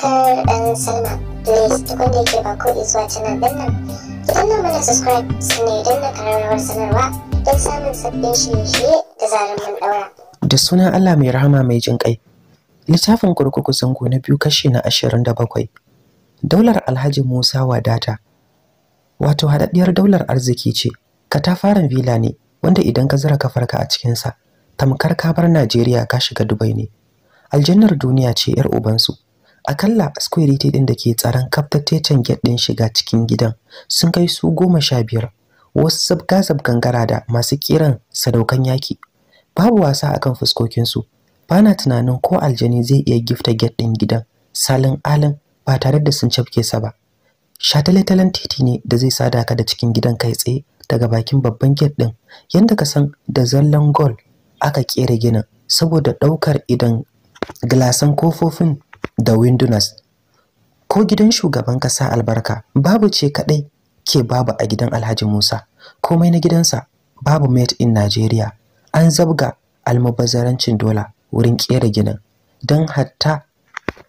subscribe and sign up. Please da yake ba ko subscribe sanarwa don samun sabbin da sunan Allah mai rahama mai jin kai. Littafin kurkuku zango na biyu kashi na ashirin da bakwai. Daular Alhaji Musa Wadata. Wato haɗaɗɗiyar daular arziki ce, katafaren vila ne wanda idan ka zura kafarka a cikinsa, tamkar kabar Najeriya ka shiga Dubai ne. Aljannar duniya ce 'yar ubansu, akalla security din da ke tsaron kaftatecen gate din shiga cikin gidan sun kai su goma sha biyar wasu sabga sabgan da masu kiran sadaukan yaki babu wasa akan fuskokinsu bana tunanin ko aljani zai iya gifta gate din gidan salin alin ba tare da sun cafke sa ba shataletalen titi ne da zai sada ka da cikin gidan kai tsaye daga bakin babban gate din yanda ka san da zallan gol aka kera ginin saboda daukar idan glasan kofofin da Windows. ko gidan shugaban ƙasa albarka babu ce kaɗai ke babu a gidan alhaji musa komai na gidansa babu made in nigeria an zabga almubazarancin dola wurin ƙera ginin don hatta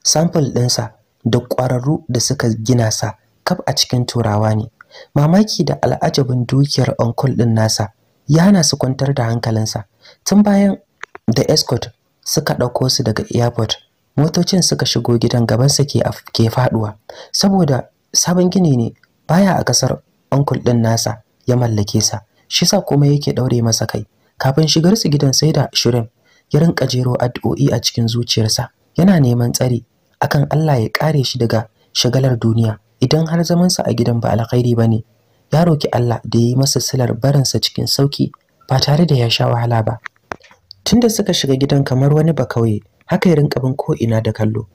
sample ɗinsa da ƙwararru da suka gina sa kaf a cikin turawa ne mamaki da al'ajabin dukiyar onkul ɗin nasa ya hana su kwantar da hankalinsa tun bayan da escort suka ɗauko su daga airport motocin suka shigo gidan gabansa ke ke faduwa saboda sabon gini ne baya a kasar uncle din nasa ya mallake sa shi sa kuma yake daure masa kai kafin shigar su gidan sai da shirin ya rinka jero addu'o'i a cikin zuciyarsa yana neman tsari akan Allah ya kare shi daga shagalar duniya idan har zamansa a gidan ba alkhairi bane ya roki Allah da yi masa silar sa cikin sauki ba tare da ya sha wahala ba tunda suka shiga gidan kamar wani bakauye haka ya rinka bin ko'ina da kallo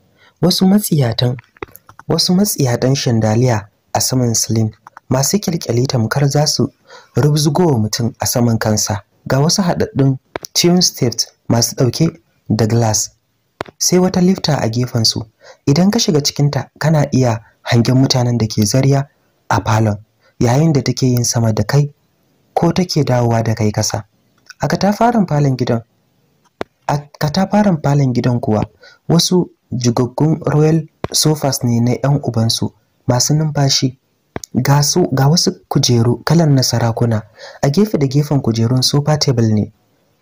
wasu matsiyatan wasu matsiyatan shandaliya a saman silin masu kyalkyali tamkar za su wa mutum a saman kansa ga wasu haɗaɗɗun tune steps masu ɗauke da glass sai wata lifta a gefen su. idan ka shiga cikinta kana iya hangen mutanen da ke zariya a falon yayin da take yin sama da kai ko take dawowa da kai kasa a katafaren falon gidan a katafaren falon gidan kuwa wasu jigaggun royal sofas ne na 'yan ubansu masu numfashi ga ga wasu kujeru kalan na sarakuna a gefe da gefen kujerun sofa table ne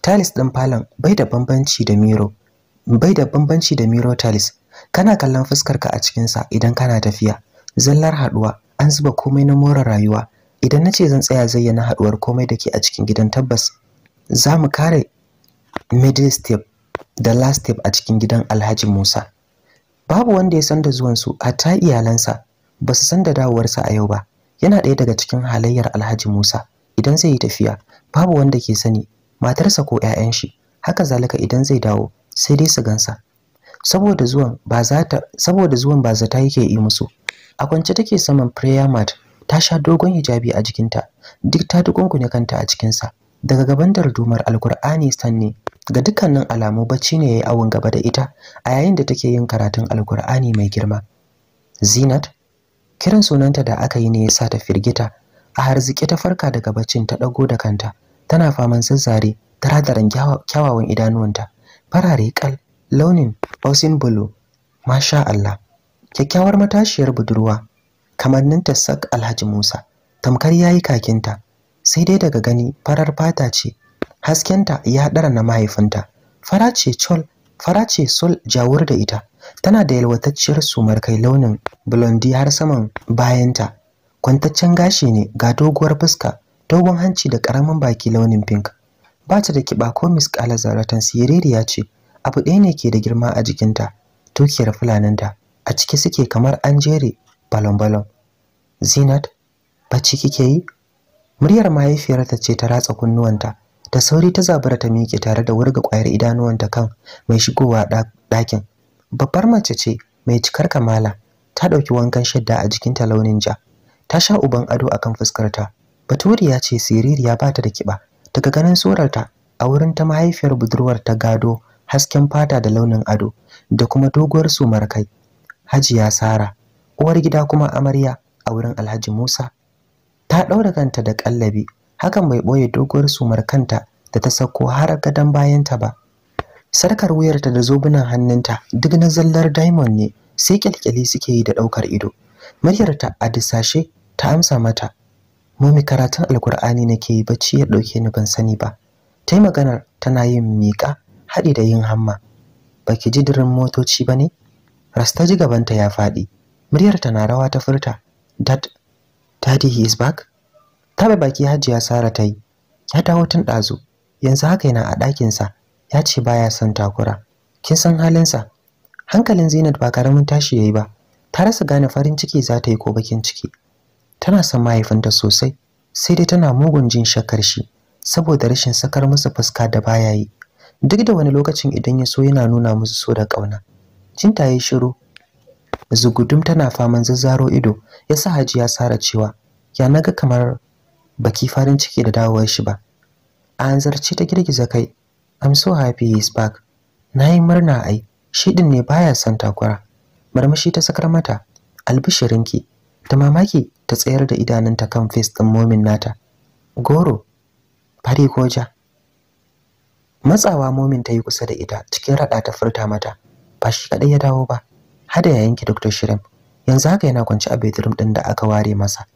tiles din falon bai da bambanci da miro bai da bambanci da miro tiles kana kallon fuskarka a cikinsa idan kana tafiya zallar haduwa an zuba komai na more rayuwa idan na ce zan tsaya zayyana haduwar komai da ke a cikin gidan tabbas za mu kare middle step da last step a cikin gidan alhaji musa babu wanda ya san da zuwansu hatta iyalansa ba su san da dawowarsa a yau ba yana ɗaya daga cikin halayyar alhaji musa idan zai yi tafiya babu wanda ke sani matarsa ko 'ya'yan shi haka zalika idan zai dawo sai dai su gansa saboda zuwan ba za ta saboda zuwan ba zata yake yi musu a kwance take saman prayer mat ta sha dogon hijabi a jikinta duk ta dukunkune kanta a cikinsa daga gaban dardumar alkur'ani sanne ga dukkanin alamu bacci ne ya yi awon gaba da ita a yayin da take yin karatun alkur'ani mai girma zinat kiran sunanta da aka yi ne ya sa ta firgita a harziki ta farka daga baccin ta ɗago da kanta tana faman zazzare taradaran kyawawan idanuwanta farare kal launin bausin bulu masha Allah kyakkyawar matashiyar budurwa kamanninta sak alhaji musa tamkar ya yi kakinta sai dai daga gani farar fata ce haskenta ya ɗara na mahaifinta fara ce chol fara ce sol jawur da ita tana da yalwatacciyar sumar kai launin blondi har saman bayanta kwantaccen gashi ne ga doguwar fuska dogon hanci da ƙaramin baki launin pink ba ta da kiba ko miskala zaratan siririya ce abu ɗaya ne ke da girma a jikinta tukiyar fulaninta a ciki suke kamar an jere balon-balon zinat bacci kike yi muryar mahaifiyarta ce ta ratsa kunnuwanta da sauri ta zabura ta miƙe tare da wurga ƙwayar idanuwanta kan mai shigowa ɗakin babbar mace ce mai cikar kamala ta ɗauki wankan shadda a jikin ta launin ja ta sha uban ado akan fuskarta baturiya ce siririya ba ta da kiba daga ganin surarta a wurin ta mahaifiyar budurwar ta gado hasken fata da launin ado da kuma doguwar sumar kai hajiya sara uwar gida kuma amarya a wurin alhaji musa ta ɗaura kanta da ƙallabi hakan bai ɓoye doguwar sumar kanta da ta sako har gadon bayanta ba sarkar wuyarta da zobunan hannunta duk na zallar diamond ne sai kyalkyali suke yi da ɗaukar ido muryarta a disashe ta amsa mata momi karatun alkur'ani nake yi bacci ya ɗauke ni ban sani ba ta yi maganar tana yin miƙa haɗi da yin hamma baki ji dirin motoci ba ne rasta ji gabanta ya faɗi muryarta na rawa ta furta dat daddy he is back tabe baki hajiya sara ta yi ya dawo tun ɗazu yanzu haka yana a ɗakinsa ya ce baya son takura kin san halinsa hankalin zainab ba karamin tashi yayi ba ta rasa gane farin ciki za ta yi ko bakin ciki tana son mahaifinta sosai sai dai tana mugun jin shakkar shi saboda rashin sakar musu fuska da baya yi duk da wani lokacin idan ya so yana nuna musu so da ƙauna jinta ya shiru zugudum tana faman zazzaro ido ya sa ya sara cewa ya naga kamar baki farin ciki da dawowar shi ba a hanzarci ta girgiza kai i'm so happy he's back na yi murna ai shi din ne baya son takura marmashi ta sakar mata albishirinki ta mamaki ta tsayar da idanunta kan face din momin nata goro fari ko ja matsawa momin ta yi kusa da ita cikin raɗa ta furta mata ba shi kadai ya dawo ba hada ya yanke Dr. Shirin yanzu haka yana kwance a bedroom din da aka ware masa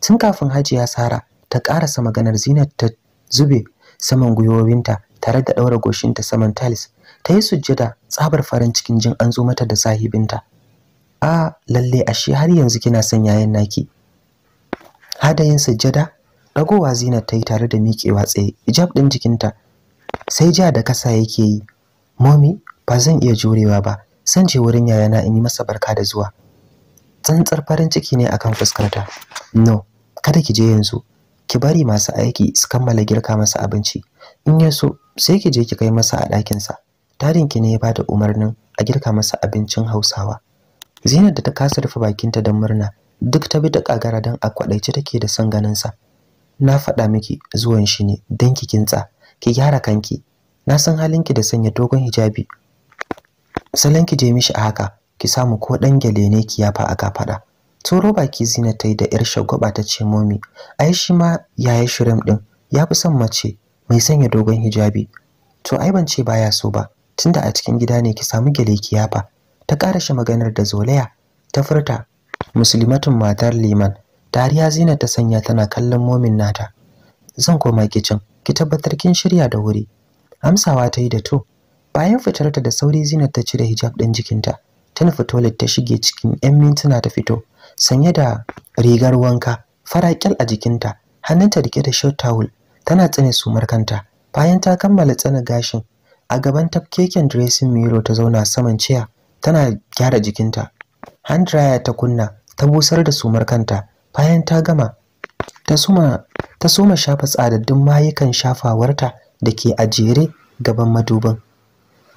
tun kafin Hajiya Sara ta karasa maganar Zinat ta zube saman gwiwowinta tare da daura goshinta saman tiles ta yi sujjada tsabar farin cikin jin an zo mata da sahibinta a lalle ashe har yanzu kina son yayan naki hadayin sujjada dagowa Zinat ta yi tare da miƙewa tsaye hijab din jikinta sai ja da kasa yake yi momi ba zan iya jurewa ba sance je wurin yayana in yi masa barka da zuwa tsantsar farin ciki ne akan fuskarta no kada ki je yanzu ki bari masu aiki su kammala girka masa abinci in yaso sai ki je ki kai masa a ɗakinsa ki ne ya bada umarnin a girka masa abincin hausawa zinar da ta kasa rufe bakinta don murna duk ta bi da kagara don a kwaɗaici take da son ganinsa na faɗa miki zuwan shi ne don ki kintsa ki gyara kanki na san halinki da sanya dogon hijabi salon ki je mishi a haka ki samu ko dan gyale ne ki yafa a fada turo baki zina ta yi da yar shagwaba ta ce momi ai shi ma yaya shirim din ya fi son mace mai sanya dogon hijabi to ai ban ce baya so ba tunda a cikin gida ne ki samu gyale ki yafa ta karashe maganar da zolaya ta furta muslimatun matar liman dariya zina ta sanya tana kallon momin nata zan koma kicin ki tabbatar kin shirya da wuri amsawa ta yi da to bayan fitarta da sauri zinat ta cire hijab ɗin jikinta ta nufi toilet ta shige cikin 'yan mintuna ta fito sanye da rigar wanka fara faraƙyal a jikinta hannunta rike da shot towel tana tsane sumar kanta bayan ta kammala tsane gashin a gaban tafkeken dressing mirror ta zauna saman ciya tana gyara jikinta hand dryer ta kunna ta busar da sumar kanta bayan ta gama ta suma ta soma shafa tsadaddun mayukan shafawarta da ke a jere gaban madubin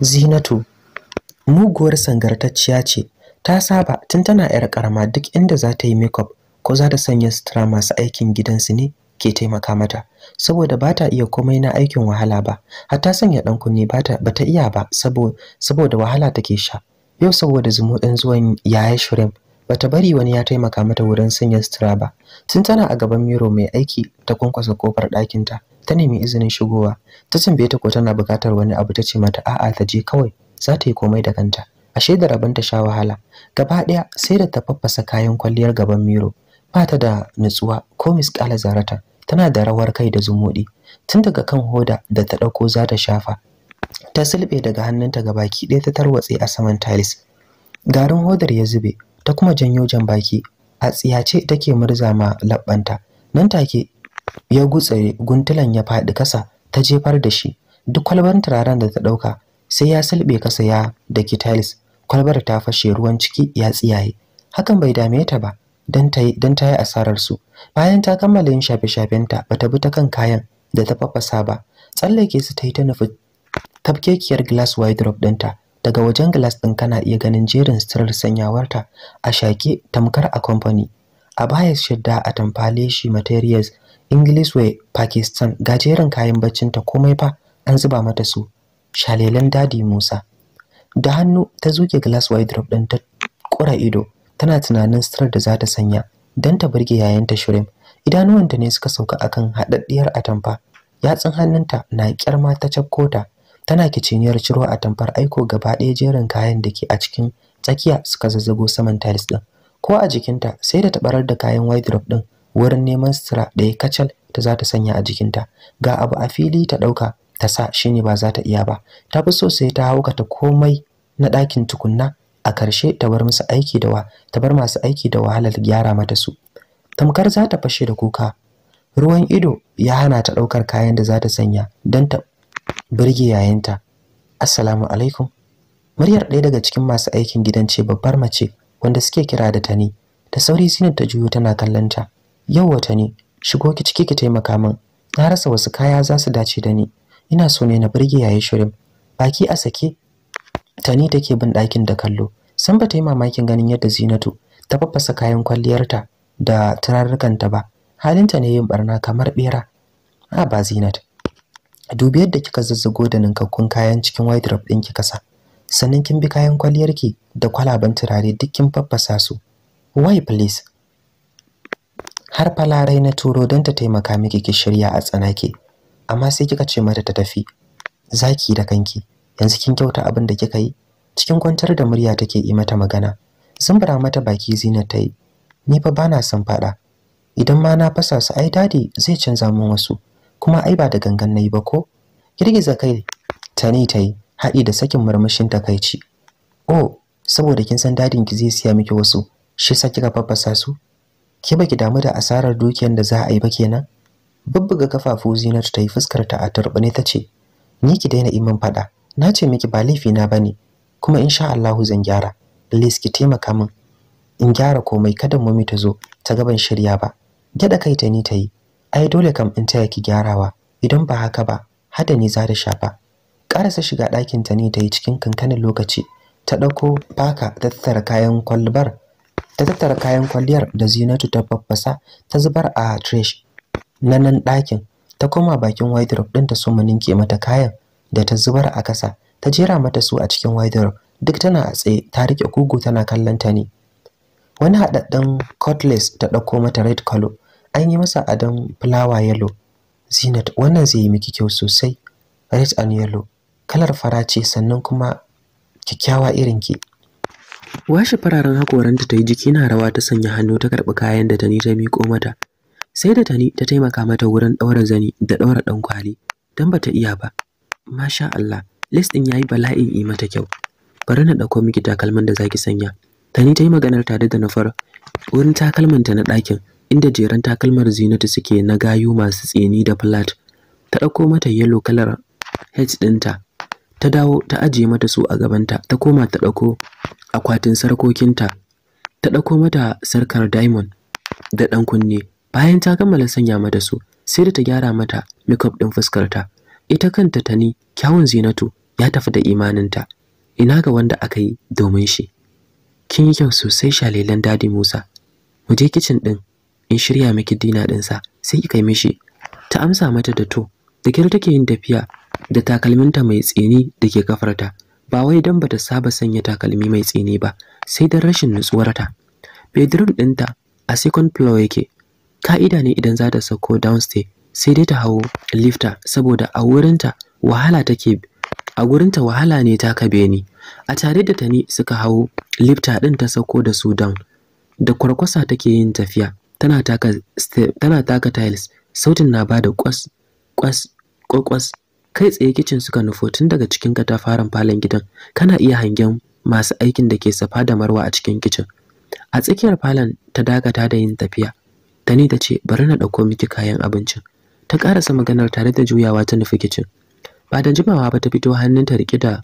Zinatu muguwar sangartacciya ce ta saba tun tana yar karama duk inda za ta yi makeup ko za ta sanya sutura masu aikin gidansu ne ke taimaka mata saboda ba ta iya komai na aikin wahala ba hatta sanya dan kunne ba ta iya ba saboda wahala take sha yau saboda zumuɗin zuwan yaya shirin ba ta bari wani ya taimaka mata wurin sanya sutura ba tun tana a gaban miro mai aiki ta kwankwasa kofar ɗakinta ta nemi izinin shigowa ta tambaye ta ko tana bukatar wani abu ta ce mata a'a ta je kawai za ta yi komai da kanta ashe da rabon ta sha wahala gaba ɗaya sai da ta faffasa kayan kwalliyar gaban miro ba ta da nutsuwa ko miskala zarata tana da rawar kai da zumudi. tun daga kan hoda da ta ɗauko za ta shafa ta silbe daga hannunta ga baki ɗaya ta tarwatse a saman tiles garin hodar ya zube ta kuma janyo jan baki a tsiyace take murza ma labbanta nan take ya gutsare guntulan ya faɗi kasa ta jefar da shi duk kwalbar turaren da ta ɗauka sai ya silbe kasa ya da kitalis kwalbar ta fashe ruwan ciki ya tsiyaye hakan bai dame ta ba don ta yi asarar su bayan ta kammala yin shafe-shafenta bata bi ta kan kayan da ta fafasa ba tsallake su ta yi ta nufi tafkekiyar glass wide drop ɗinta daga wajen glass ɗin kana iya ganin jerin sitirar sanyawarta a shaƙe tamkar a kamfani a baya shidda a tamfale shi materials English way Pakistan gajeren kayan baccinta komai fa an zuba mata su shalelen dadi Musa da hannu ta zuke glass wide drop ɗin ta ƙura ido tana tunanin sitar da za ta sanya don ta burge ta shirin idanuwanta ne suka sauka akan haɗaɗɗiyar atamfa yatsun hannunta na kyarma ta ta tana kiciniyar ciro atamfar aiko gaba ɗaya jerin kayan da ke a cikin tsakiya suka zazzago saman tiles ɗin ko a jikinta sai da tabarar da kayan wide drop ɗin wurin neman sutura ɗaya kacal da za ta sanya a jikinta ga abu a fili ta ɗauka ta sa ne ba za ta iya ba ta fi so sai ta haukata komai na ɗakin tukunna a ƙarshe ta bar masu aiki da wa ta bar masu aiki da wahalar gyara mata su tamkar za ta fashe da kuka ruwan ido ya hana ta ɗaukar kayan da za ta sanya don ta birge yayinta assalamu alaikum muryar ɗaya daga cikin masu aikin gidan ce babbar mace wanda suke kira da tani da sauri zinin ta juyo tana kallon ta yau wata ne shigo ki ciki ki taimaka min na rasa wasu kaya za su dace da ni ina so ne na burge yayi shirin baki a sake tani take bin ɗakin da kallo san ba ta yi mamakin ganin yadda zinatu ta faffasa kayan kwalliyarta da turarrukanta ba halinta ne yin barna kamar bera a ba zinat dubi yadda kika zazzago da ninkakkun kayan cikin white drop ɗin kika sa sannan kin bi kayan kwalliyarki da kwalaban turare duk kin faffasa su why please har falarai na turo don ta taimaka miki ki shirya a tsanake amma sai kika ce mata ta tafi zaki da kanki yanzu kin kyauta abin da kika yi cikin kwantar da murya take yi mata magana zumbura mata baki zina ta yi ni fa bana son fada idan ma na fasa su ai dadi zai canza min wasu kuma ai ba da gangan nayi ba ko girgiza kai tani ta yi haɗi da sakin murmushin takaici oh saboda kin san dadin ki zai siya miki wasu shi sa kika fafasa su Ki baki damu da asarar dukiyar da za a yi ba kenan? Bubbuga kafafu zinat ta yi fuskar ta a turbune ta ce, "Ni ki daina imin fada. Na ce miki ba laifi na bane, kuma insha Allahu zan gyara. Please ki taimaka min. In gyara komai kada mami ta zo ta gaban shirya ba. Gyada kai ta ni ta yi. Ai dole kam in taya ki gyarawa. Idan ba haka ba, hada ni za da shafa." Karasa shiga ɗakin ta ne ta yi cikin kankanin lokaci. Ta ɗauko baka tattara kayan kwalbar ta tattara kayan kwalliyar da Zinatu ta babbasa, ta zubar a trash na nan ɗakin ta koma bakin wardrobe ɗin ta so ninke mata kayan da ta zubar a kasa ta jera mata su a cikin wardrobe duk tana a tsaye ta rike kugu tana kallon ta ne wani haɗaɗɗen cutlass ta ɗauko mata red color an yi masa adon flower yellow zinat wannan zai yi miki kyau sosai red and yellow kalar fara ce sannan kuma kyakkyawa irin ki washe fararen hakoranta ta yi jiki na rawa ta sanya hannu ta karɓi kayan da tani ta miƙo mata sai da tani ta taimaka mata wurin ɗaura zani da ɗaura ɗan kwali don bata iya ba masha Allah les ɗin yayi bala'in yi mata kyau bari na ɗauko miki takalman da zaki sanya tani ta yi maganar tare da nafar wurin takalmanta na ɗakin inda jeran takalmar zinatu suke na gayu masu tsini da flat ta ɗauko mata yellow kalar h ɗinta ta dawo ta ajiye mata su a gabanta ta koma ta ɗauko akwatin sarkokinta ta ɗauko mata sarkar diamond da ɗan kunne bayan ta kammala sanya mata su sai da ta gyara mata makeup ɗin fuskarta ita kanta tani kyawun zinatu ya tafi da imaninta ina ga wanda aka yi domin shi kin yi kyau sosai shalelan dadi musa mu je kicin ɗin in shirya miki dina ɗinsa sai ki kai mishi ta amsa mata da to da kyar take yin tafiya da takalminta mai tsini da ke kafarta ba wai don bata saba sanya takalmi mai tsini ba sai don rashin nutsuwarta bedroom ɗinta a second floor yake ka'ida ne idan za ta sauko downstairs sai dai ta hau lifta saboda a wurinta wahala take a gurinta wahala ne ta kabe ni a tare da tani suka hau lifta ɗin ta sauko da su down da kwarkwasa take yin tafiya tana taka tana taka tiles sautin na bada kwas kwas kwakwas kai tsaye kicin suka nufo tun daga cikin katafaren falon gidan kana iya hangen masu aikin da ke safa da marwa a cikin kicin a tsakiyar falon ta dakata da yin tafiya tani ta ce bari na ɗauko miki kayan abincin ta ƙarasa maganar tare da juyawa ta nufi kicin ba da jimawa ba ta fito hannun ta riƙe da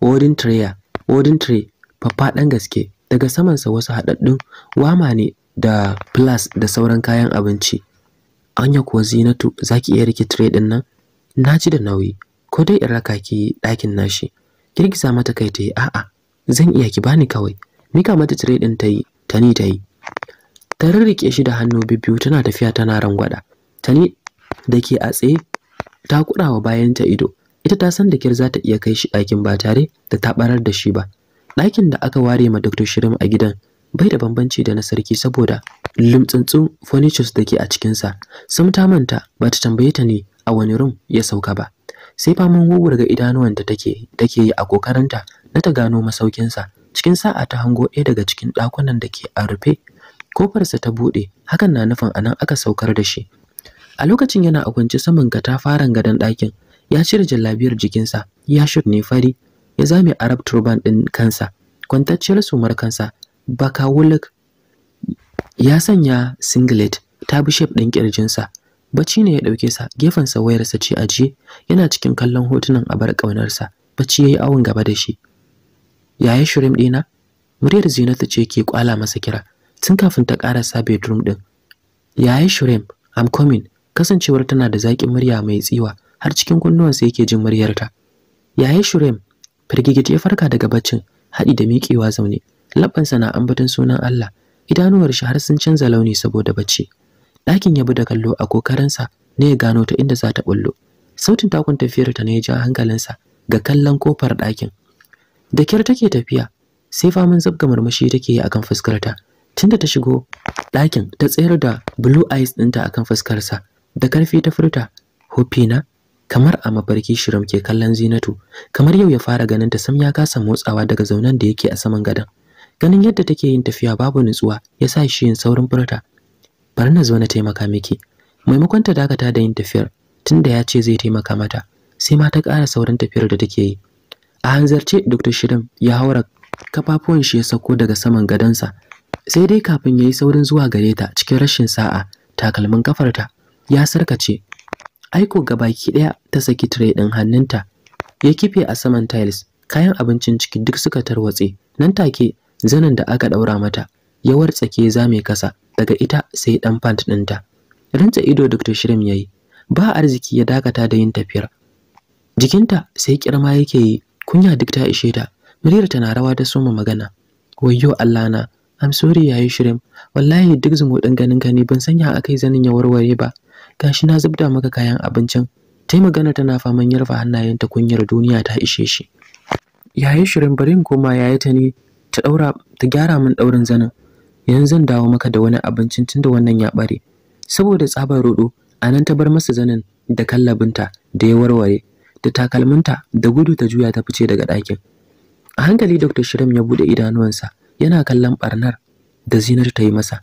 odin tray odin tray faffaɗan gaske daga saman sa wasu haɗaɗɗun wama ne da plus da sauran kayan abinci anya kuwa zinatu zaki iya riƙe tray ɗin nan na ji da nauyi ko dai in raka ki ɗakin nashi girgiza mata kai ta yi a'a zan iya ki bani kawai mika mata tire ɗin ta yi tani ta yi ta rirriƙe shi da hannu bibbiyu tana tafiya tana rangwada tani da ke a tsaye ta kuɗawa ta ido ita ta san da kyar za ta iya kai shi ɗakin ba tare da ta ɓarar da shi ba ɗakin da aka ware ma Dr. Shirim a gidan bai da bambanci da na sarki saboda lumtsuntsun furnitures da ke a cikinsa sam ta manta ba ta tambaye ta ne a wani rum ya sauka ba sai faman idanuwan idanuwanta take take yi a kokarinta na ta gano masaukin sa cikin sa'a ta hango ɗaya daga cikin ɗakunan da ke a rufe kofarsa ta buɗe hakan na nufin anan aka saukar da shi a lokacin yana a kwance saman katafaren gadon ɗakin ya cire jallabiyar jikinsa ya ne fari ya zame arab turban ɗin kansa kwantacciyar sumar kansa baka wulik ya sanya singlet ta bi shef ɗin ƙirjinsa Bacci ne ya ɗauke sa, gefen sa wayarsa ce ajiye, yana cikin kallon hotunan a abar ƙaunarsa. Bacci yayi yi awon gaba da shi. Yaya shirim ɗina? Muryar Zinatu ce ke kwala masa kira, tun kafin ta ƙarasa bedroom ɗin. Yaya shirim, I'm coming. Kasancewar tana da zaƙin murya mai tsiwa, har cikin sa yake jin muryarta. Yaya shirim, firgigit ya farka daga baccin, haɗi da miƙewa zaune. sa na ambaton sunan Allah, idanuwar shi har sun canza launi saboda bacci. ɗakin ya bi da kallo a kokarinsa ne ya gano ta inda za ta bullo sautin takun tafiyar ta ne ya ja hankalinsa ga kallon kofar ɗakin da kyar take tafiya sai faman zabga murmushi take yi akan fuskarta tunda ta shigo ɗakin ta tsayar da blue eyes ɗinta akan fuskar sa. da karfi ta furta hopina kamar a mafarki shiram ke kallon zinatu kamar yau ya fara ganin ta sam ya kasa motsawa daga zaunan da yake a saman gadon ganin yadda take yin tafiya babu nutsuwa ya sa shi yin saurin furta bari na zo na taimaka miki maimakon ta dakata da yin tafiyar tunda ya ce zai taimaka mata sai ma ta ƙara sauran tafiyar da take yi a hanzarce dr shirin ya haura kafafuwan shi ya sako daga saman gadonsa sai dai kafin ya yi saurin zuwa gare ta cikin rashin sa'a takalmin kafarta ya sarkace aiko ga baki ɗaya ta saki tire ɗin hannunta ya kife a saman tiles kayan abincin ciki duk suka tarwatse nan take zanin da aka ɗaura mata ya wartsake zame kasa daga ita sai dan pant ɗinta rinta ido Dr. Shirim yayi ba arziki ya dakata da yin tafiyar jikinta sai kirma yake yi kunya duk ta ishe ta muryar tana rawa da soma magana wayyo Allah na I'm sorry yayi Shirim wallahi duk zumuɗin ganin ka ne ban sanya akai zanin ya warware ba gashi na zubda maka kayan abincin tai magana tana faman yarfa hannayenta kunyar duniya ta ishe shi yayi Shirim bari koma yayi ta ne ta daura ta gyara min daurin zanin yanzu zan dawo maka da wani abincin tunda wannan ya bare saboda tsabar rodo anan ta bar masa zanin da kallabinta da ya warware da takalminta da gudu ta juya ta fice daga ɗakin a hankali dr shirim ya buɗe idanuwansa yana kallon barnar da zinar ta yi masa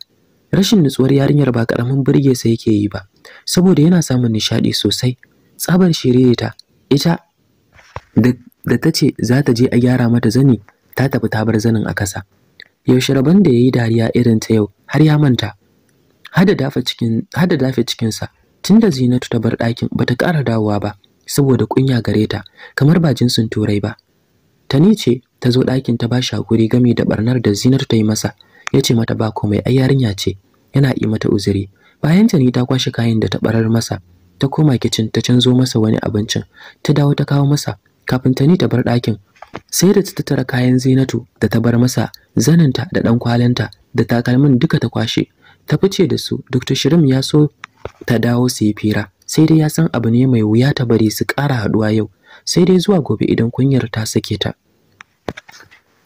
rashin nutsuwar yarinyar ba karamin burge sa yake yi ba saboda yana samun nishaɗi sosai tsabar shiririta ita da ta ce za ta je a gyara mata zani ta tafi ta bar zanin a kasa yaushe rabon da ya yi dariya irin ta yau har ya manta hada dafa cikinsa tun dafe cikin sa tunda Zinatu ta bar ɗakin ta ƙara dawowa ba saboda kunya gare ta kamar ba jinsin turai ba tani ce ta zo ɗakin ta ba shi hakuri gami da barnar da Zinatu ta yi masa ya ce mata ba komai ai yarinya ce yana yi mata uzuri bayan tani ta kwashe kayan da ta ɓarar masa ta koma kicin ta canzo masa wani abincin ta dawo ta kawo masa kafin tani ta bar ɗakin sai da ta tara kayan Zainatu da ta bar masa zaninta da dan kwalanta da takalmin duka ta kwashe ta fice da su Dr. Shirim ya so ta dawo su yi fira sai dai ya san abu ne mai wuya ta bari su ƙara haduwa yau sai dai zuwa gobe idan kunyar ta sake ta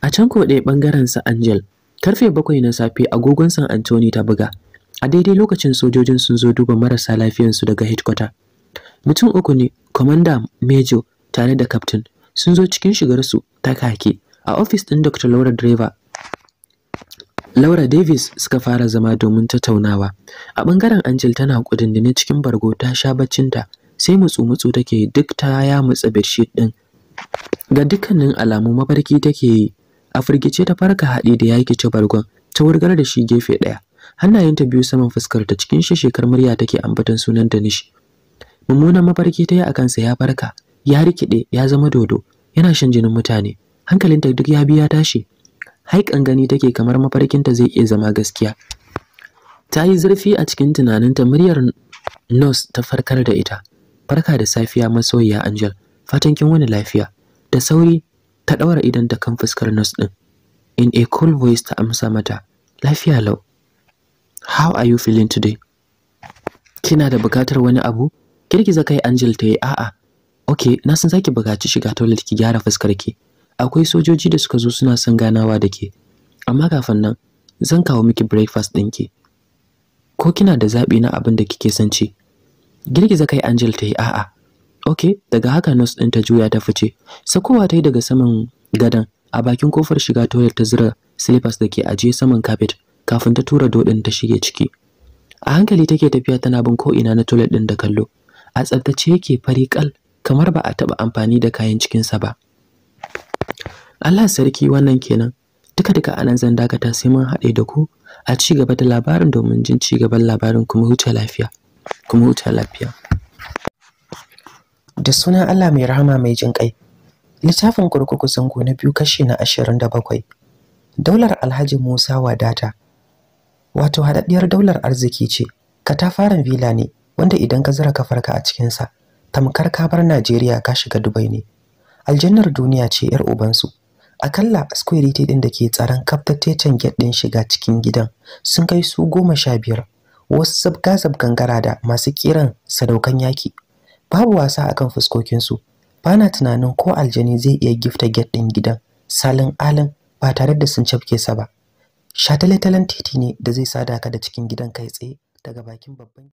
a can ko ɗaya bangaren sa Angel karfe bakwai na safe agogon San Anthony ta buga a daidai lokacin sojojin sun zo duba marasa lafiyansu daga headquarter mutum uku ne commander major tare da captain sun zo cikin shigarsu ta kake a ofis ɗin Dr. Laura Driver Laura Davis suka fara zama domin tattaunawa. A ɓangaren Angel tana da kudindine cikin bargo ta sha baccinta, sai mutsu-mutsu take duk ta ya mutsa bedsheet ɗin. Ga dukkanin alamu mafarki take yi, a firgice ta farka haɗi da yaki ci bargon, ta wurgar da shi gefe ɗaya. Hannayenta biyu saman fuskar ta cikin shekar murya take ambaton sunan Danish. Mummunan mafarki ta yi a kansa ya farka, ya rikide ya zama dodo yana shan jinin mutane hankalinta duk ya biya tashi haikan gani take kamar mafarkinta zai iya zama gaskiya ta yi zurfi a cikin tunaninta muryar nurse ta farkar da ita farka da safiya masoyiya angel fatan kin wani lafiya da sauri ta daura idan ta kan fuskar nos din in a cool voice ta amsa mata lafiya lau how are you feeling today kina da bukatar wani abu girgiza kai angel ta yi a'a okay na san zaki bugaci shiga toilet ki gyara fuskar ki akwai sojoji da suka zo suna son ganawa da ke amma kafin nan zan kawo miki breakfast din ki. ko kina da zaɓi na abin da kike son ci girgiza kai angel ta yi a'a okay daga haka nurse ɗin ta juya ta fice sakowa ta yi daga saman gadan a bakin kofar shiga toilet ta zura slippers da ke ajiye saman carpet kafin ta tura doɗin ta shige ciki a hankali take tafiya tana bin ko ina na toilet ɗin da kallo a tsaftace yake fari kal kamar ba a taɓa amfani da kayan cikinsa ba Allah sarki wannan kenan duka duka a nan zan dakata sai mun haɗe da ku a ci gaba da labarin domin jin ci gaban labarin kuma huta lafiya kuma huta lafiya da sunan Allah mai rahama mai jin kai littafin kurkuku zango na biyu kashi na ashirin da bakwai. daular Alhaji Musa wadata wato haɗaɗɗiyar daular arziki ce katafaren vila ne wanda idan ka zura farka a cikinsa tamkar kabar Najeriya ka shiga Dubai ne aljannar duniya ce yar ubansu akalla security ɗin da ke tsaron kaftattacen gate ɗin shiga cikin gidan sun kai su goma sha biyar wasu zabga-zab gangara da masu kiran sadaukan yaki babu wasa akan fuskokinsu bana tunanin ko aljani zai iya gifta gate ɗin gidan salin alin ba tare da sun cafke sa ba shataletalen titi ne da zai sadaka da cikin gidan kai tsaye daga bakin babban